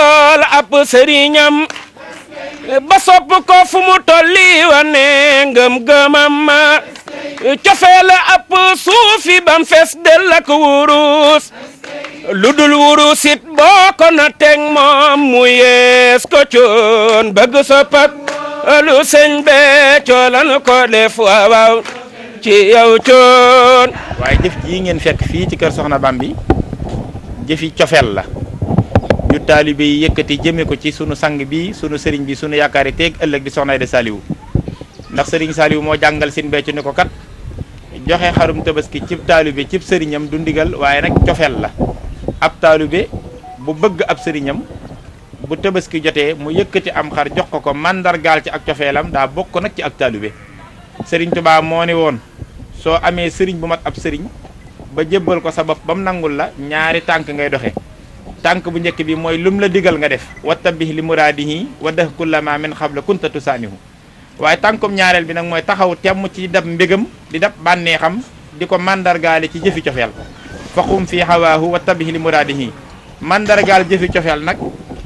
lool ab sëriñam ba sopp ko fu mu tolli wane ngëm-gëmam cofee la ab suufi bam fees del wurus lu dul wurusit boo ko na teg moom mu yees ko coon bëgg sopp ak lu be coolan ko def waaw ci yow coon waaye jëf jii ngeen fekk fii ci kër Soxna Bambi jëfi cofeel yu taalibe yi yëkkati jëmee ko ci sunu sang bi sunu sëriñ bi sunu yaakaar yaakaari teeg ëllëg di soxnay Aida Saliou ndax sëriñ Saliou moo jàngal sin beccu ne ko kat joxe xarum tabaski cib taalibe cib sëriñam du ndigal waaye nag cofeel la ab taalibe bu bëgg ab sëriñam bu tabaski jotee mu yëkkati am xar jox ko ko màndargaal ci ak cofeelam daa bokk nag ci ak taalibe sëriñ Tuubaa moo ni woon soo amee sëriñ bu mat ab sëriñ ba jébbal ko sa bopp ba mu nangul la ñaari tànk ngay doxe tànk bu njëkk bi mooy lum la digal nga def wa wattabih li muraadihi wa dah kullama min xabla kunta tusaanihu waaye tànkum ñaareel bi nag mooy taxaw temm ci dab mbégam di dab bànneexam di ko mandargaale ci jëfi cofeel faqum fi hawaahu wattabih li muraadihi mandargaal jëfi cofeel nag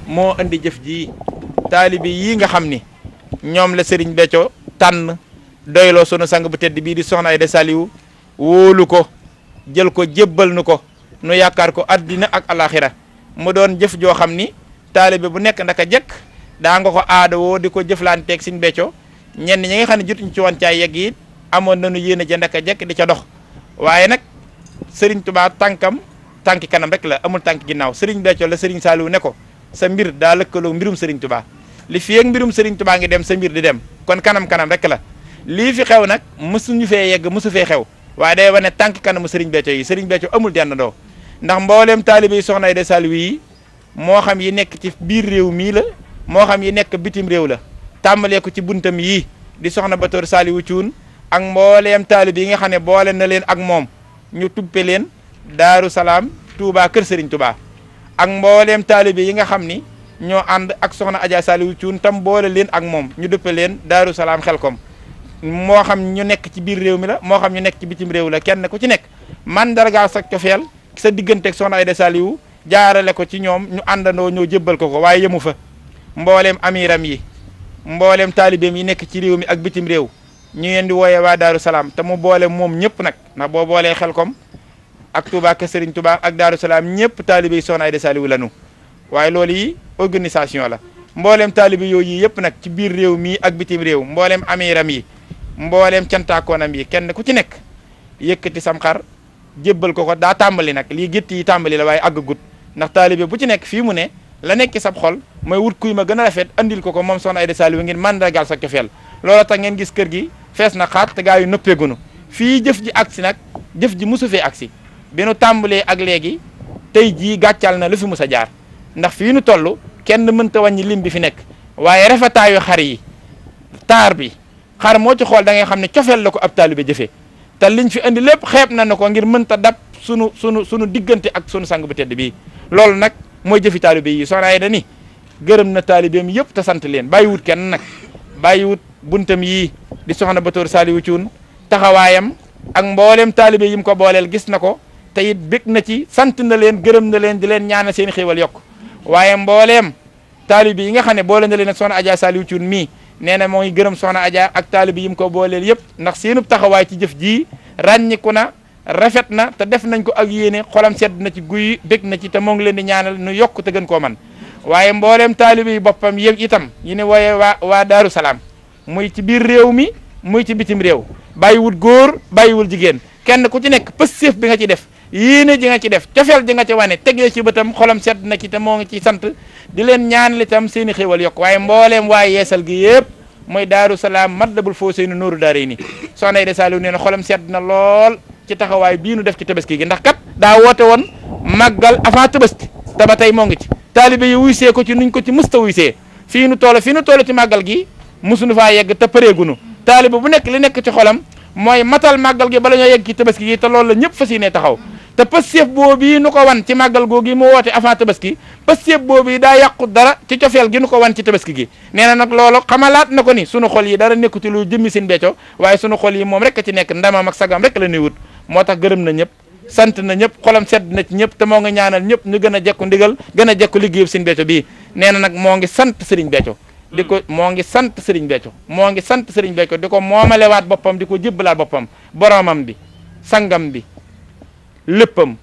moo indi jëf ji taalibi yii nga xam ni ñoom la sëriñ Béthio tànn doyloo sunu sang bu tedd bii di soxna Aïda Saliou wóolu ko jël ko jébbal nu ko nu yaakaar ko addina ak alaxira mu doon jëf joo xam ni taalibe bu nekk ndaka jëkk daa nga ko woo di ko jëflanteeg Sëñ Béthio ñenn ñi nga xam ne jotuñ ci wan caa yegg it amoon nañu yéene ja ndaka jëkk di ca dox waaye nag Serigne Touba tànkam tànki kanam rek la amul tànk ginnaaw Serigne Béthio la Serigne Saliou ne ko sa mbir daa lëkkaloo mbirum Serigne Touba li fi ak mbirum Serigne Touba ngi dem sa mbir di dem kon kanam kanam rek la lii fi xew nag mësuñu fee yegg mësu fee xew waaye day wane tànk kanamu Serigne Béthio yi Serigne Béthio amul dendandoo ndax mbooleem taalibe yi soxna Aida Saliou yi moo xam yi nekk ci biir réew mii la moo xam yi nekk bitim réew la tàmbalee ko ci buntam yii di soxna Batoor Saliou Thioune ak mbooleem taalibe yi nga xam ne boole na leen ak moom ñu tuppe leen Daaru Salaam Touba Kër Serigne Touba ak mbooleem taalibe yi nga xam ni ñoo ànd ak soxna Adja Saliou Thioune tam boole leen ak moom ñu duppe leen Daaru Salaam kom moo xam ñu nekk ci biir réew mi la moo xam ñu nekk ci bitim réew la kenn ku ci nekk mandargaal sa cofeel sa digganteek soxna Aida Saliou jaarale ko ci ñoom ñu àndandoo ñoo jébbal ko ko waaye yemu fa mbooleem amiram yi mbooleem taalibeem yi nekk ci réew mi ak bitim réew ñu leen di wooyee waa Salaam te mu boole moom ñëpp nag ndax boo boolee Xelkom ak Touba Kër Serigne ak Daaru Salaam ñëpp taalibe yi soxna Aida Saliou lanu waaye loolu yi organisation la mbooleem taalibe yooyu yëpp nag ci biir réew mii ak bitim réew mbooleem amiram yi mbooleem cantaakoonam yi kenn ku ci nekk yëkkati sam xar jébbal ko ko daa tàmbali nag lii gétt yi tàmbali la waaye àggagut ndax taalibe bu ci nekk fii mu ne la nekk sab xol mooy wut kuy ma gën a rafet indil ko ko moom soxna Aida Saliou ngeen mandargaal sa cofeel loola tax ngeen gis kër gi fees na xaat te gaa yu noppeegunu fii jëf ji agsi nag jëf ji musu fee agsi bi nu tàmbalee ak léegi tey jii gàccal na lu fi mus a jaar ndax fii nu toll kenn mënta wàññi lim bi fi nekk waaye rafetaayu xar yi taar bi xar moo ci xool da ngay xam ne cofeel la ko ab taalibe jëfee te liñ fi indi lépp xeeb na ne ko ngir mënta dab sunu sunu sunu diggante ak sunu sang bu tedd bii loolu nag mooy jëfi taalibe yi soxna Ayda ni gërëm na taalibeem yëpp te sant leen bàyyiwut kenn nag buntam yii di soxna Batoor Saliou Thioune taxawaayam ak mboolem taalibe yi mu ko booleel gis na ko te it bég na ci sant na leen gërëm na leen di leen ñaana seen xéewal yokk waaye mbooleem taalibe yi nga xam ne boole na leen ak soxna Adja Saliou Thioune mii nee na moo ngi gërëm soxna Adja ak taalibe yi mu ko booleel yëpp ndax seenub taxawaay ci jëf jii ràññiku na rafet na te def nañ ko ak yéene xolam sedd na ci guy bég na ci te moo ngi leen di ñaanal nu yokk te ko man waaye mbooleem taalibe yi boppam yëpp itam yi ne wooye waa waa Daaru Salaam muy ci biir réew mi muy ci bitim réew bàyyiwul góor bàyyiwul jigéen kenn ku ci nekk pësteef bi nga ci def yéene ji nga ci def tiofel ji nga ci wane tegee ci beutam xolam set na ci te mo ngi ci sante di len ñaan li tam seen xewal yok waye mbollem way yeesal gi yeb moy daru salam madabul fawzayni nuuru daarayni soxna Aida Saliou nee na xolam set na lol ci taxaway bi nu def ci tebeski gi ndax kat da wote won magal afa tebeski ta batay mo ngi ci talibe yi wuyse ko ci nuñ ko ci musta wuyse fi nu tole fi nu tole ci magal gi mësuñu fa yegg te pareegunu talibe bu nek li nek ci xolam moy matal magal gi bala ñoo yegg ci tebeski gi te lol la taxaw te pëstéef boobu yi nu ko wan ci màggal googu mu woote avant tabaski pëstéef boobu yi daa yàqu dara ci cofeel gi nu ko wan ci tabaski gi nee na nag loolu xamalaat na ko ni sunu xol yi dara nekkuti lu jëmmi seen becco waaye sunu xol yi moom rek a ci nekk ndamam ak sagam rek la nuy wut moo tax gërëm na ñëpp sant na ñëpp xolam sedd na ci ñëpp te moo ngi ñaanal ñëpp ñu gën a jekku ndigal gën a jekku liggéeyu seen becco bii nee na nag moo ngi sant sëriñ becco di ko mm. moo ngi sant sëriñ becco moo ngi sant sëriñ becco di ko moomalewaat boppam di ko jibbalaat boppam boromam bi sangam bi léppam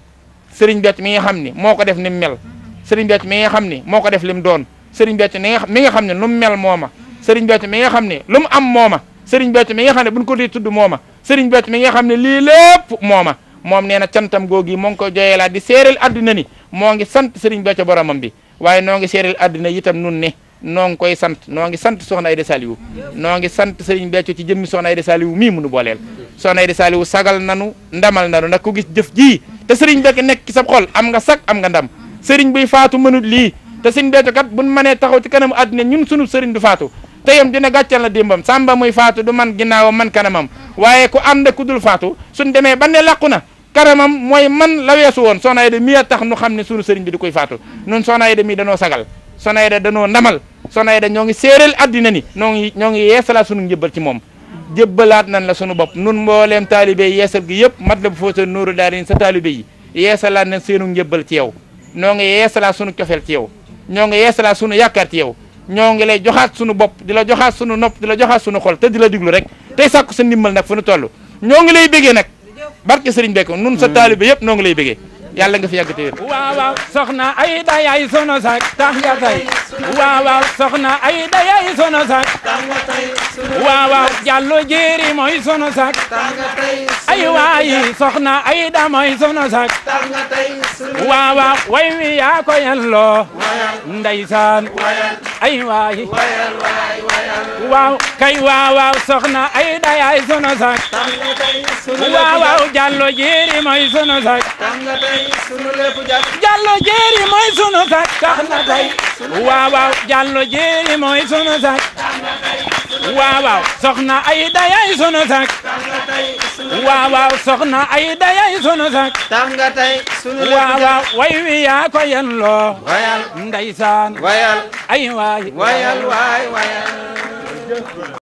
sëriñ becc mi nga xam ni moo ko def ni mu mel sëriñ becc mi nga xam ni moo ko def lim doon sëriñ becc mi nga ni nga xam ne lu mu mel mooma seriñ becc mi nga xam ne lu mu am mooma sëriñ becc mi nga xam ne buñ ko dee tudd mooma sëriñ becc mi nga xam ne lii lépp mooma moom nee na cantam googi moo ngi ko joyelaat di séeréel adduna ni moo ngi sant sëriñ becc boromam bi waaye noo ngi séeréel adduna itam nun ne noo ngi koy sant noo ngi sant soxna Aida Saliou noo ngi sant Serigne Béthio ci jëmmi soxna Aida Saliou mii munu booleel soxna Aida Saliou sagal nanu ndamal nanu na ku gis jëf jii te Serigne Béthio nekk ci sa xol am nga sag am nga ndam Serigne buy faatu mënut lii te Serigne Béthio kat buñ mënee taxaw ci kanamu àddina ñun sunu Serigne du faatu teyam dina gàccal na démbam samba muy faatu du man ginnaawam man kanamam waaye ku ànd ku dul faatu suñ demee ba ne làqu na kanamam mooy man la woon soxna Aida mii a tax nu xam ne sunu Serigne bi du koy faatu nun soxna Aida mii sagal soxna Aida danoo soxna da ñoo ngi séeréel addina ni ñoo ngi ñoo ngi yeesalaat sunu njëbbal ci moom jëbbalaat nan la sunu bopp nun mbooleem taalibe yeesal gi yëpp mat la bu foo sa nóoru daal ni sa taalibe yi yeesalaat nan seenu njëbbal ci yow ñoo ngi yeesalaat sunu cofeel ci yow ñoo ngi yeesalaat sunu yaakaar ci yow ñoo ngi lay joxaat sunu bopp di la joxaat sunu nopp di la joxaat sunu xol te di la diglu rek tey sàkku sa ndimbal nag fu nu toll ñoo ngi lay bégee nag barke sëriñ Bekko nun sa mm. taalibe yëpp ñoo ngi lay bégee yàlla nga fi yàgg te wér waaw waaw soxna ay da sono sak tax tay waaw waaw soxna ay da yaay sono sak tax tay soxna ay da mooy sunu sak waaw waaw way wi yaa ko yelloo ndeysaan ay waay waaw kay waaw waaw soxna ay da yaay sunu sak waaw waaw jallo jeeri mooy sunu sak jallo jeeri mooy sunu sak waaw waaw jallo jeeri mooy sunu sak waaw waaw na ay yaay sunu sak waaw waaw soxna Ayda yaay sunu sak tax nga tey sunu waaw waaw way wi yaa ko yen loo wayal ndeysaan wayal ay waay wayal waay wayal